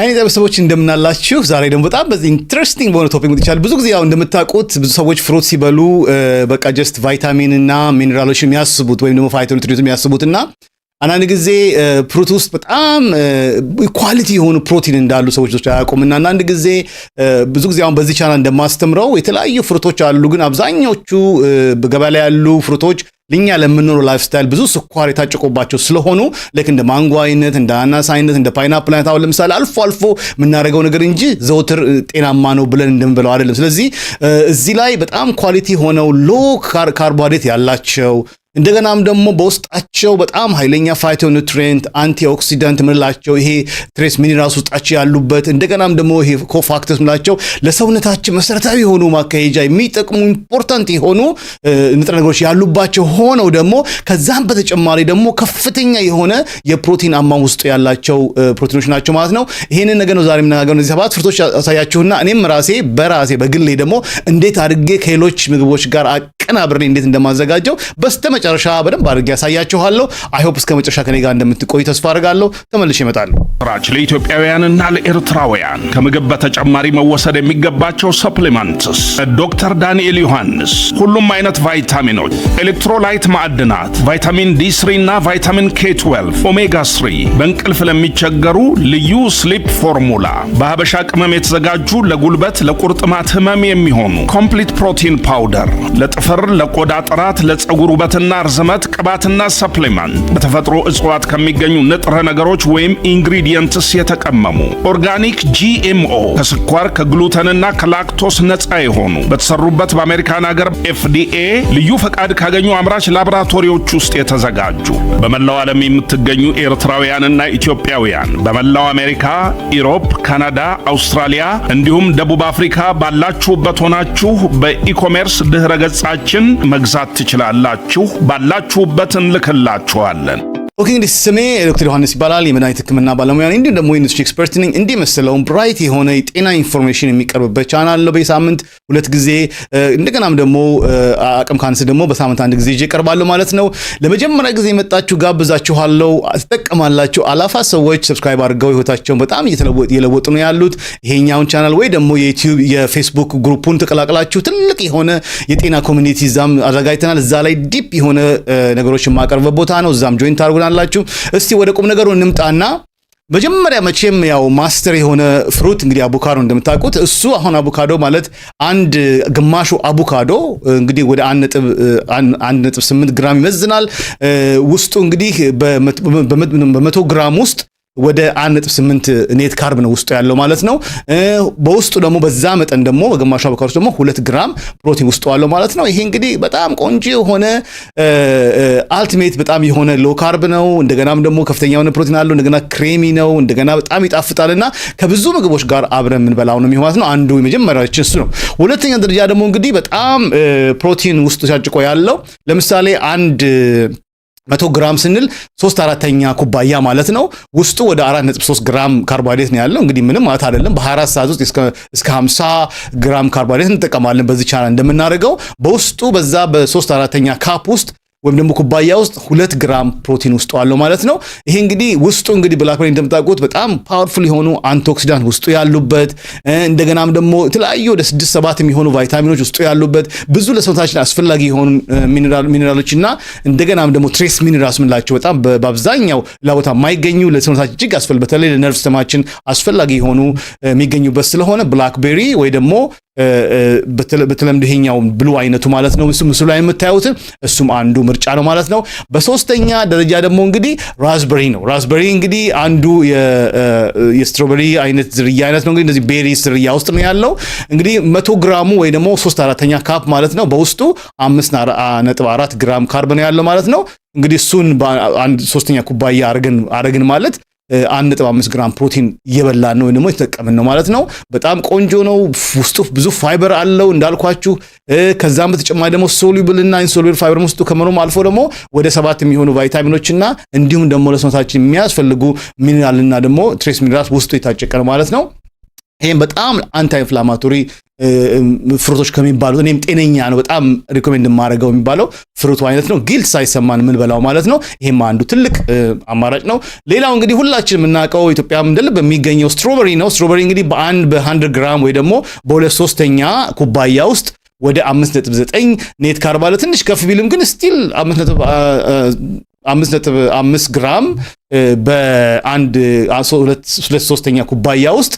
አይነት ቤተሰቦች እንደምናላችሁ። ዛሬ ደግሞ በጣም በዚህ ኢንትረስቲንግ በሆነ ቶፒክ መጥቻለሁ። ብዙ ጊዜ ያው እንደምታውቁት ብዙ ሰዎች ፍሩት ሲበሉ በቃ ጀስት ቫይታሚን እና ሚኔራሎች የሚያስቡት ወይም ደግሞ ፋይቶ የሚያስቡት እና አንዳንድ ጊዜ ፍሩት ውስጥ በጣም ኳሊቲ የሆኑ ፕሮቲን እንዳሉ ሰዎች አያውቁም። እና አንዳንድ ጊዜ ብዙ ጊዜ አሁን በዚህ ቻና እንደማስተምረው የተለያዩ ፍሩቶች አሉ፣ ግን አብዛኞቹ በገበያ ላይ ያሉ ፍሩቶች ለኛ ለምንኖረው ላይፍ ስታይል ብዙ ስኳር የታጨቆባቸው ስለሆኑ ልክ እንደ ማንጎ አይነት እንደ አናስ አይነት እንደ ፓይናፕል አይነት አሁን ለምሳሌ አልፎ አልፎ የምናደርገው ነገር እንጂ ዘውትር ጤናማ ነው ብለን እንደምንበለው አይደለም። ስለዚህ እዚህ ላይ በጣም ኳሊቲ ሆነው ሎ ካርቦሃይድሬት ያላቸው እንደገናም ደግሞ በውስጣቸው በጣም ኃይለኛ ፋይቶ ኑትሪየንት አንቲ ኦክሲዳንት ምንላቸው ይሄ ትሬስ ሚኒራልስ ውስጣቸው ያሉበት እንደገናም ደግሞ ይሄ ኮፋክተስ ምንላቸው ለሰውነታችን መሰረታዊ የሆኑ ማካሄጃ የሚጠቅሙ ኢምፖርታንት የሆኑ ንጥረ ነገሮች ያሉባቸው ሆነው ደግሞ ከዛም በተጨማሪ ደግሞ ከፍተኛ የሆነ የፕሮቲን አማም ውስጡ ያላቸው ፕሮቲኖች ናቸው ማለት ነው። ይህንን ነገር ነው ዛሬ የምናገረው። እነዚህ ሰባት ፍርቶች ያሳያችሁና እኔም ራሴ በራሴ በግሌ ደግሞ እንዴት አድርጌ ከሌሎች ምግቦች ጋር ቀን አብሬ እንዴት እንደማዘጋጀው በስተመጨረሻ በደንብ አድርጌ ያሳያችኋለሁ። አይሆፕ እስከ መጨረሻ ከኔ ጋር እንደምትቆይ ተስፋ አድርጋለሁ። ተመልሼ እመጣለሁ። ራች ለኢትዮጵያውያንና ለኤርትራውያን ከምግብ በተጨማሪ መወሰድ የሚገባቸው ሰፕሊመንትስ ዶክተር ዳንኤል ዮሐንስ ሁሉም አይነት ቫይታሚኖች፣ ኤሌክትሮላይት ማዕድናት፣ ቫይታሚን ዲ3 እና ቫይታሚን ኬ 12 ኦሜጋ 3 በእንቅልፍ ለሚቸገሩ ልዩ ስሊፕ ፎርሙላ፣ በሀበሻ ቅመም የተዘጋጁ ለጉልበት ለቁርጥማት ህመም የሚሆኑ ኮምፕሊት ፕሮቲን ፓውደር፣ ለጥፍር ለዘር፣ ለቆዳ ጥራት፣ ለፀጉር ውበትና ርዝመት ቅባትና ሰፕሊመንት በተፈጥሮ እጽዋት ከሚገኙ ንጥረ ነገሮች ወይም ኢንግሪዲየንትስ የተቀመሙ ኦርጋኒክ ጂኤምኦ ከስኳር ከግሉተንና ከላክቶስ ነፃ የሆኑ በተሰሩበት በአሜሪካን ሀገር ኤፍዲኤ ልዩ ፈቃድ ካገኙ አምራች ላቦራቶሪዎች ውስጥ የተዘጋጁ በመላው ዓለም የምትገኙ ኤርትራውያንና ኢትዮጵያውያን በመላው አሜሪካ፣ ኢሮፕ፣ ካናዳ፣ አውስትራሊያ እንዲሁም ደቡብ አፍሪካ ባላችሁበት ሆናችሁ በኢኮሜርስ ድኅረ ገጻችን መኪናዎችን መግዛት ትችላላችሁ። ባላችሁበት እንልክላችኋለን። ኦኬ እንግዲህ ስሜ ዶክተር ዮሐንስ ይባላል። የመድኃኒት ሕክምና ባለሙያ ነኝ። እንዲሁም ደግሞ ኢንዱስትሪ ኤክስፐርት ነኝ። እንዲህ መሰለውን ብራይት የሆነ የጤና ኢንፎርሜሽን የሚቀርብበት ቻናል ነው። በሳምንት ሁለት ጊዜ እንደገናም ደግሞ አቅም ካንስ ደግሞ በሳምንት አንድ ጊዜ ይዤ እቀርባለሁ ማለት ነው። ለመጀመሪያ ጊዜ የመጣችሁ ጋብዛችኋለሁ፣ ትጠቀማላችሁ። አላፋ ሰዎች ሰብስክራይብ አድርገው ህይወታቸውን በጣም እየለወጡ ነው ያሉት። ይሄኛውን ቻናል ወይ ደግሞ የዩቲዩብ የፌስቡክ ግሩፑን ተቀላቅላችሁ ትልቅ የሆነ የጤና ኮሚኒቲ እዛም አዘጋጅተናል። እዛ ላይ ዲፕ የሆነ ነገሮች የማቀርበት ቦታ ነው። እዛም ጆይንት ታርጉናል ትችላላችሁ። እስቲ ወደ ቁም ነገሩ እንምጣና መጀመሪያ መቼም ያው ማስተር የሆነ ፍሩት እንግዲህ አቮካዶ እንደምታውቁት እሱ አሁን አቮካዶ ማለት አንድ ግማሹ አቮካዶ እንግዲህ ወደ አንድ ነጥብ ስምንት ግራም ይመዝናል። ውስጡ እንግዲህ በመቶ ግራም ውስጥ ወደ 1.8 ኔት ካርብ ነው ውስጡ ያለው ማለት ነው። በውስጡ ደግሞ በዛ መጠን ደግሞ በግማሽ አቮካዶ ደግሞ 2 ግራም ፕሮቲን ውስጡ ያለው ማለት ነው። ይሄ እንግዲህ በጣም ቆንጆ የሆነ አልቲሜት በጣም የሆነ ሎ ካርብ ነው። እንደገናም ደግሞ ከፍተኛ የሆነ ፕሮቲን አለው። እንደገና ክሬሚ ነው። እንደገና በጣም ይጣፍጣልና ከብዙ ምግቦች ጋር አብረን የምንበላው ነው ማለት ነው። አንዱ የመጀመሪያችን እሱ ነው። ሁለተኛ ደረጃ ደግሞ እንግዲህ በጣም ፕሮቲን ውስጡ ሲያጭቆ ያለው ለምሳሌ አንድ መቶ ግራም ስንል ሶስት አራተኛ ኩባያ ማለት ነው። ውስጡ ወደ አራት ነጥብ ሶስት ግራም ካርቦሃይድሬት ነው ያለው። እንግዲህ ምንም ማለት አይደለም። ሰዓት ውስጥ እስከ ሀምሳ ግራም ካርቦሃይድሬት እንጠቀማለን። በዚህ ቻናል እንደምናደርገው በውስጡ በዛ በሶስት አራተኛ ካፕ ውስጥ ወይም ደግሞ ኩባያ ውስጥ ሁለት ግራም ፕሮቲን ውስጡ አለው ማለት ነው። ይሄ እንግዲህ ውስጡ እንግዲህ ብላክበሪ እንደምታውቁት በጣም ፓወርፉል የሆኑ አንቲኦክሲዳንት ውስጡ ያሉበት እንደገናም ደግሞ የተለያዩ ወደ ስድስት ሰባት የሚሆኑ ቫይታሚኖች ውስጡ ያሉበት ብዙ ለሰውነታችን አስፈላጊ የሆኑ ሚኔራሎች እና እንደገናም ደግሞ ትሬስ ሚኔራልስ ምንላቸው በጣም በአብዛኛው ላቦታ የማይገኙ ለሰውነታችን እጅግ አስፈል በተለይ ለነርቭ ሲስተማችን አስፈላጊ የሆኑ የሚገኙበት ስለሆነ ብላክቤሪ ወይ ደግሞ በተለምዶ ይሄኛው ብሉ አይነቱ ማለት ነው። እሱ ምስሉ ላይ የምታዩት እሱም አንዱ ምርጫ ነው ማለት ነው። በሶስተኛ ደረጃ ደግሞ እንግዲህ ራስበሪ ነው። ራስበሪ እንግዲህ አንዱ የስትሮበሪ አይነት ዝርያ አይነት ነው። እንግዲህ እነዚህ ቤሪ ዝርያ ውስጥ ነው ያለው። እንግዲህ መቶ ግራሙ ወይ ደግሞ ሶስት አራተኛ ካፕ ማለት ነው በውስጡ አምስት ነጥብ አራት ግራም ካርብ ነው ያለው ማለት ነው። እንግዲህ እሱን ሶስተኛ ኩባያ አረግን ማለት አንድ ነጥብ አምስት ግራም ፕሮቲን እየበላን ነው ወይም ደግሞ የተጠቀምን ነው ማለት ነው። በጣም ቆንጆ ነው። ውስጡ ብዙ ፋይበር አለው እንዳልኳችሁ። ከዛም በተጨማሪ ደግሞ ሶሉብል እና ኢንሶሉብል ፋይበር ውስጡ ከመኖም አልፎ ደግሞ ወደ ሰባት የሚሆኑ ቫይታሚኖችና እንዲሁም ደግሞ ለሰውነታችን የሚያስፈልጉ እና ደግሞ ትሬስ ሚኒራል ውስጡ የታጨቀ ነው ማለት ነው። ይህም በጣም አንቲ ኢንፍላማቶሪ ፍሩቶች ከሚባሉት እኔም ጤነኛ ነው በጣም ሪኮሜንድ የማደርገው የሚባለው ፍሩቱ አይነት ነው። ጊልት ሳይሰማን በላው ማለት ነው። ይሄም አንዱ ትልቅ አማራጭ ነው። ሌላው እንግዲህ ሁላችን የምናውቀው ኢትዮጵያ ምንድል በሚገኘው ስትሮበሪ ነው። ስትሮበሪ እንግዲህ በአንድ በ100 ግራም ወይ ደግሞ በሁለት ሶስተኛ ኩባያ ውስጥ ወደ 5.9 ኔት ካርብ አለ። ትንሽ ከፍ ቢልም ግን ስቲል 5.5 ግራም በአንድ ሁለት ሶስተኛ ኩባያ ውስጥ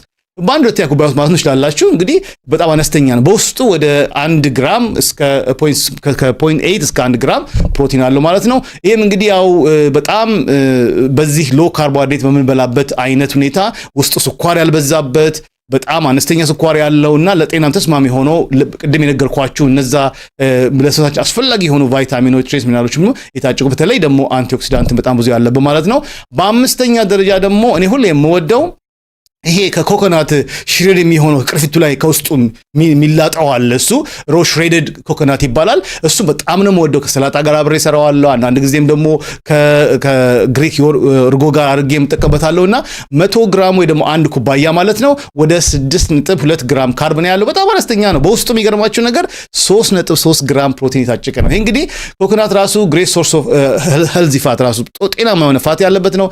በአንድ ሁለተኛ ኩባያ ውስጥ ማዘን እንግዲህ በጣም አነስተኛ ነው። በውስጡ ወደ አንድ ግራም ከፖይንት ኤይት እስከ አንድ ግራም ፕሮቲን አለው ማለት ነው። ይህም እንግዲህ ያው በጣም በዚህ ሎ ካርቦሃይድሬት በምንበላበት አይነት ሁኔታ ውስጡ ስኳር ያልበዛበት በጣም አነስተኛ ስኳር ያለው እና ለጤናም ተስማሚ ሆኖ ቅድም የነገርኳችሁ እነዛ ለሰውነታችን አስፈላጊ የሆኑ ቫይታሚኖች፣ ትሬስ ሚነራሎች የታጨቁ በተለይ ደግሞ አንቲኦክሲዳንትን በጣም ብዙ ያለበት ማለት ነው። በአምስተኛ ደረጃ ደግሞ እኔ ሁሌ የምወደው ይሄ ከኮኮናት ሽሬድ የሚሆነው ቅርፊቱ ላይ ከውስጡ የሚላጠው አለ። እሱ ሮ ሽሬድድ ኮኮናት ይባላል። እሱ በጣም ነው የምወደው። ከሰላጣ ጋር አብሬ ሰራዋለሁ። አንዳንድ ጊዜም ደግሞ ከግሪክ እርጎ ጋር አድርጌ የምጠቀበታለሁ እና መቶ ግራም ወይ ደግሞ አንድ ኩባያ ማለት ነው ወደ ስድስት ነጥብ ሁለት ግራም ካርብን ያለው። በጣም አነስተኛ ነው። በውስጡ የሚገርማችሁ ነገር ሶስት ነጥብ ሶስት ግራም ፕሮቲን የታጨቀ ነው። ይህ እንግዲህ ኮኮናት ራሱ ግሬት ሶርስ ኦፍ ሄልዚ ፋት ራሱ ጤናማ የሆነ ፋት ያለበት ነው።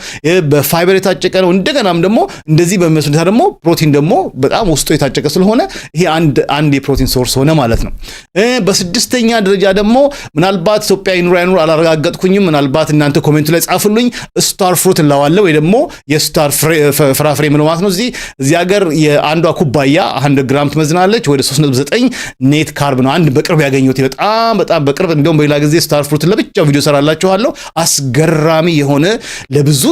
በፋይበር የታጨቀ ነው። እንደገናም ደግሞ እንደዚህ በመ የሚመልስ ሁኔታ ደግሞ ፕሮቲን ደግሞ በጣም ውስጡ የታጨቀ ስለሆነ ይሄ አንድ አንድ የፕሮቲን ሶርስ ሆነ ማለት ነው። በስድስተኛ ደረጃ ደግሞ ምናልባት ኢትዮጵያ ይኑር አይኑር አላረጋገጥኩኝም። ምናልባት እናንተ ኮሜንቱ ላይ ጻፉልኝ። ስታር ፍሩት እንለዋለን ወይ ደግሞ የስታር ፍራፍሬ ምለው ማለት ነው። እዚህ እዚህ ሀገር የአንዷ ኩባያ 100 ግራም ትመዝናለች። ወደ 39 ኔት ካርብ ነው። አንድ በቅርብ ያገኘሁት በጣም በጣም በቅርብ እንዲሁም በሌላ ጊዜ ስታር ፍሩት ለብቻው ቪዲዮ ሰራላችኋለሁ። አስገራሚ የሆነ ለብዙ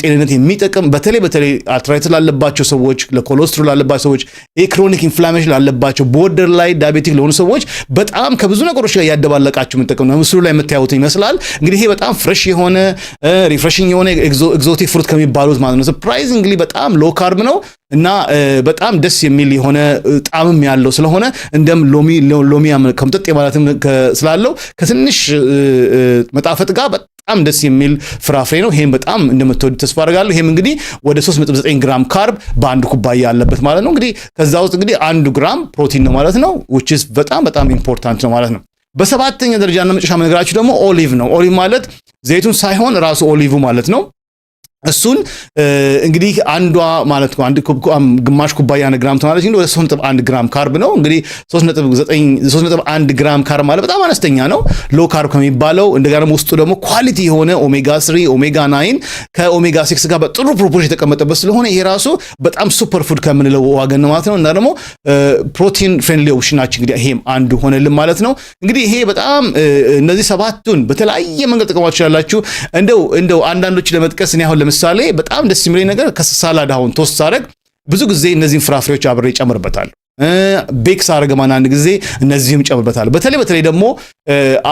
ጤንነት የሚጠቅም በተለይ በተለይ አርትራይተስ ላለባቸው ላለባቸው ሰዎች፣ ለኮሎስትሮል ላለባቸው ሰዎች፣ ኤክሮኒክ ኢንፍላሜሽን ላለባቸው፣ ቦርደር ላይ ዳያቤቲክ ለሆኑ ሰዎች በጣም ከብዙ ነገሮች ጋር ያደባለቃቸው የምጠቀም ነው። ምስሉ ላይ የምታዩት ይመስላል። እንግዲህ ይሄ በጣም ፍሬሽ የሆነ ሪፍሬሽንግ የሆነ ኤግዞቲክ ፍሩት ከሚባሉት ማለት ነው። ሰርፕራይዚንግሊ በጣም ሎ ካርብ ነው እና በጣም ደስ የሚል የሆነ ጣዕምም ያለው ስለሆነ እንደም ሎሚ ሎሚ ከምጠጥ ማለትም ስላለው ከትንሽ መጣፈጥ ጋር በጣም ደስ የሚል ፍራፍሬ ነው። ይሄም በጣም እንደምትወዱ ተስፋ አደርጋለሁ። ይሄም እንግዲህ ወደ 3.9 ግራም ካርብ በአንድ ኩባያ ያለበት ማለት ነው። እንግዲህ ከዛ ውስጥ እንግዲህ አንዱ ግራም ፕሮቲን ነው ማለት ነው። which is በጣም በጣም ኢምፖርታንት ነው ማለት ነው። በሰባተኛ እና መጨረሻ መነግራችሁ ደግሞ ኦሊቭ ነው። ኦሊቭ ማለት ዘይቱን ሳይሆን ራሱ ኦሊቭ ማለት ነው። እሱን እንግዲህ አንዷ ማለት ነው አንድ ግማሽ ኩባያ ግራም ትሆናለች። እንግዲህ ወደ 3.1 ግራም ካርብ ነው። እንግዲህ 3.1 ግራም ካርብ ማለት በጣም አነስተኛ ነው፣ ሎ ካርብ ከሚባለው እንደገና ውስጡ ደግሞ ኳሊቲ የሆነ ኦሜጋ 3 ኦሜጋ 9 ከኦሜጋ 6 ጋር በጥሩ ፕሮፖርሽን የተቀመጠበት ስለሆነ ይሄ ራሱ በጣም ሱፐር ፉድ ከምንለው ዋገን ማለት ነው። እና ደግሞ ፕሮቲን ፍሬንድሊ ኦፕሽናችን እንግዲህ ይሄም አንዱ ሆነልን ማለት ነው። እንግዲህ ይሄ በጣም እነዚህ ሰባቱን በተለያየ መንገድ ጥቅማችሁ ያላችሁ እንደው እንደው አንዳንዶች ለመጥቀስ እኔ አሁን ለምሳሌ በጣም ደስ የሚለኝ ነገር ከሳላድ አሁን ቶስት ሳደርግ ብዙ ጊዜ እነዚህን ፍራፍሬዎች አብሬ ይጨምርበታል። ቤክስ አረግማን አንድ ጊዜ እነዚህም ጨምርበታል። በተለይ በተለይ ደግሞ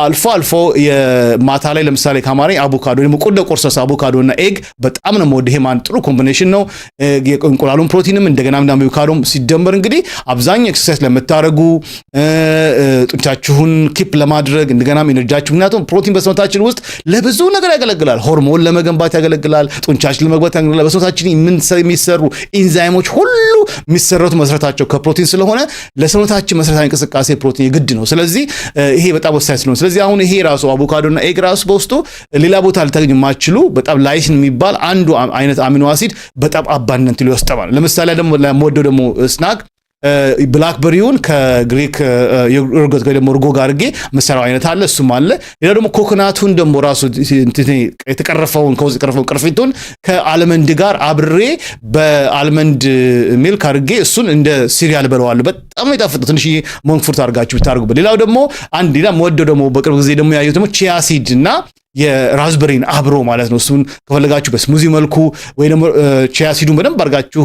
አልፎ አልፎ የማታ ላይ ለምሳሌ ካማሪ አቮካዶ ወይም ቁርደ ቆርሰስ አቮካዶ እና ኤግ በጣም ነው የምወደው። ይሄ ጥሩ ኮምቢኔሽን ነው። የእንቁላሉን ፕሮቲንም እንደገና ምዳ አቮካዶም ሲደመር እንግዲህ አብዛኛው ኤክሰርሳይዝ ለምታደርጉ ጡንቻችሁን ኪፕ ለማድረግ እንደገናም ኤነርጂያችሁ ምክንያቱም ፕሮቲን በሰውነታችን ውስጥ ለብዙ ነገር ያገለግላል። ሆርሞን ለመገንባት ያገለግላል። ጡንቻችን ለመግባት ያገለግላል። በሰውነታችን የሚሰሩ ኢንዛይሞች ሁሉ የሚሰረቱ መሰረታቸው ከፕሮቲን ስለሆነ ለሰውነታችን መሰረታዊ እንቅስቃሴ ፕሮቲን የግድ ነው። ስለዚህ ይሄ በጣም ወሳኝ ስለሆነ ስለዚህ አሁን ይሄ ራሱ አቮካዶና ኤግ ራሱ በውስጡ ሌላ ቦታ ልታገኙ የማትችሉ በጣም ላይሲን የሚባል አንዱ አይነት አሚኖ አሲድ በጣም አባንነት ይወስጠባል። ለምሳሌ ደግሞ ለመወደው ደግሞ ስናክ ብላክበሪውን ከግሪክ እርጎት ወይ ደግሞ እርጎ ጋር አድርጌ መሰራው አይነት አለ፣ እሱም አለ። ሌላ ደግሞ ኮኮናቱን ደግሞ ራሱ የተቀረፈውን ከውስጥ የቀረፈውን ቅርፊቱን ከአልመንድ ጋር አብሬ በአልመንድ ሚልክ አድርጌ እሱን እንደ ሲሪያል በለዋለሁ። በጣም ነው የጣፈጠው። ትንሽዬ ሞንክ ፍሩት አድርጋችሁ ብታደርጉበት። ሌላው ደግሞ አንድ ሌላ ወደው ደግሞ በቅርብ ጊዜ ደግሞ ያየሁት ደግሞ ቺያ ሲድ እና የራዝበሪን አብሮ ማለት ነው። እሱን ከፈለጋችሁ በስሙዚ መልኩ ወይ ደግሞ ቺያ በደንብ አድርጋችሁ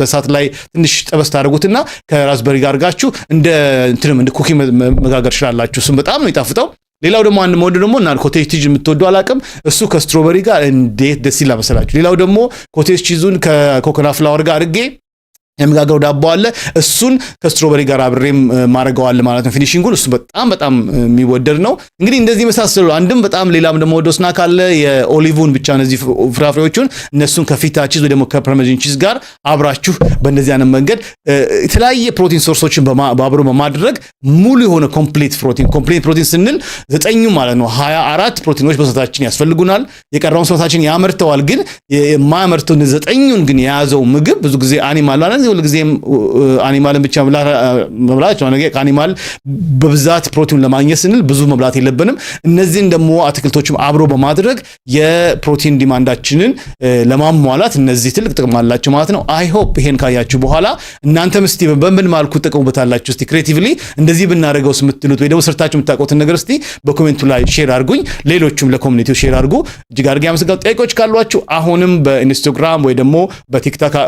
በሳት ላይ ትንሽ ጠበስ ታደርጉትና ከራዝበሪ ጋር አድርጋችሁ እንደ እንትንም እንደ ኩኪ መጋገር ችላላችሁ። እሱም በጣም ነው የሚጣፍጠው። ሌላው ደግሞ አንድ መወደ ደግሞ እና ኮቴጅ ቺዝ የምትወዱ አላቅም፣ እሱ ከስትሮበሪ ጋር እንዴት ደስ ይላል መሰላችሁ። ሌላው ደግሞ ኮቴጅ ቺዙን ከኮኮና ፍላወር ጋር አድርጌ የመጋገሩ ዳቦ አለ። እሱን ከስትሮበሪ ጋር አብሬም ማድረገዋል ማለት ነው ፊኒሽንጉን። እሱ በጣም በጣም የሚወደድ ነው። እንግዲህ እንደዚህ መሳሰሉ አንድም በጣም ሌላም ደግሞ ወደ ስናክ አለ የኦሊቭን ብቻ እነዚህ ፍራፍሬዎቹን እነሱን ከፊታ ቺዝ ወይ ደግሞ ከፐርሜዝን ቺዝ ጋር አብራችሁ በእንደዚህ አይነት መንገድ የተለያየ ፕሮቲን ሶርሶችን በአብሮ በማድረግ ሙሉ የሆነ ኮምፕሊት ፕሮቲን ኮምፕሊት ፕሮቲን ስንል ዘጠኙ ማለት ነው ሀያ አራት ፕሮቲኖች በሰታችን ያስፈልጉናል። የቀረውን ሰታችን ያመርተዋል። ግን የማያመርተው ዘጠኙን ግን የያዘው ምግብ ብዙ ጊዜ አኒማል ስለዚህ ሁልጊዜም አኒማልን ብቻ መብላት ከአኒማል በብዛት ፕሮቲን ለማግኘት ስንል ብዙ መብላት የለብንም። እነዚህን ደግሞ አትክልቶችም አብሮ በማድረግ የፕሮቲን ዲማንዳችንን ለማሟላት እነዚህ ትልቅ ጥቅም አላቸው ማለት ነው። አይ ሆፕ ይሄን ካያችሁ በኋላ እናንተም እስቲ በምን ማልኩ ትጠቀሙበታላችሁ እስቲ ክሬቲቭሊ እንደዚህ ብናደርገው ስምትሉት ወይ ደግሞ ሰርታችሁ የምታውቁትን ነገር እስቲ በኮሜንቱ ላይ ሼር አድርጉኝ። ሌሎቹም ለኮሚኒቲው ሼር አድርጉ። እጅግ አድርጌ አመሰግናለሁ። ጥያቄዎች ካሏችሁ አሁንም በኢንስታግራም ወይ ደግሞ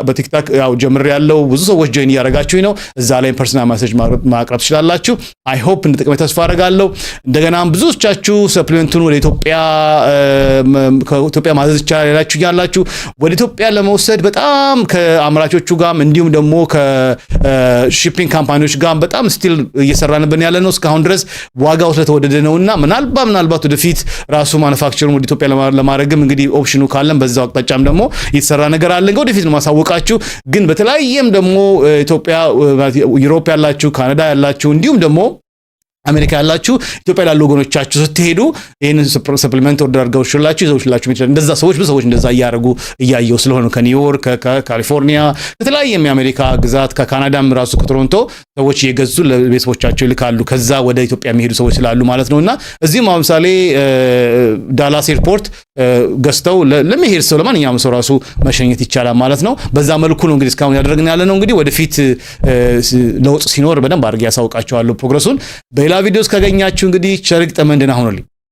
በቲክታክ ያው ጀምሬያለሁ ያለው ብዙ ሰዎች ጆይን እያደረጋችሁኝ ነው። እዛ ላይ ፐርሰናል ማሴጅ ማቅረብ ትችላላችሁ። አይ ሆፕ እንደጠቀመኝ ተስፋ አደርጋለሁ። እንደገናም ብዙዎቻችሁ ሰፕሊመንቱን ወደ ኢትዮጵያ ከኢትዮጵያ ማዘዝ ይቻላል ያላችሁ ያላችሁ ወደ ኢትዮጵያ ለመውሰድ በጣም ከአምራቾቹ ጋርም እንዲሁም ደግሞ ከሺፒንግ ካምፓኒዎች ጋርም በጣም ስቲል እየሰራንብን ያለ ነው። እስካሁን ድረስ ዋጋው ስለተወደደ ነው እና ምናልባት ምናልባት ወደፊት ራሱ ማኑፋክቸሩን ወደ ኢትዮጵያ ለማድረግም እንግዲህ ኦፕሽኑ ካለን በዛው አቅጣጫም ደግሞ የተሰራ ነገር አለ። እንግዲህ ወደፊት ነው ማሳወቃችሁ። ግን በተለያየም ደግሞ ኢትዮጵያ፣ ዩሮፕ ያላችሁ፣ ካናዳ ያላችሁ እንዲሁም ደግሞ አሜሪካ ያላችሁ ኢትዮጵያ ላሉ ወገኖቻችሁ ስትሄዱ ይህንን ሰፕሊመንት ወርደር አድርገው ሽላችሁ ይዘው ሽላችሁ ይችላል። እንደዛ ሰዎች ብዙ ሰዎች እንደዛ እያደረጉ እያየው ስለሆነ ከኒውዮርክ፣ ከካሊፎርኒያ፣ ከተለያየም የአሜሪካ ግዛት ከካናዳም ራሱ ከቶሮንቶ ሰዎች እየገዙ ለቤተሰቦቻቸው ይልካሉ። ከዛ ወደ ኢትዮጵያ የሚሄዱ ሰዎች ስላሉ ማለት ነው። እና እዚህም አሁን ዳላስ ኤርፖርት ገዝተው ለመሄድ ሰው ለማንኛውም ሰው ራሱ መሸኘት ይቻላል ማለት ነው። በዛ መልኩ ነው እንግዲህ እስካሁን ያደረግን ያለ ነው። እንግዲህ ወደፊት ለውጥ ሲኖር በደንብ አድርጌ ያሳውቃቸዋለሁ ፕሮግረሱን። በሌላ ቪዲዮ እስካገኛችሁ እንግዲህ ቸርግ ጠመንድን አሁኑልኝ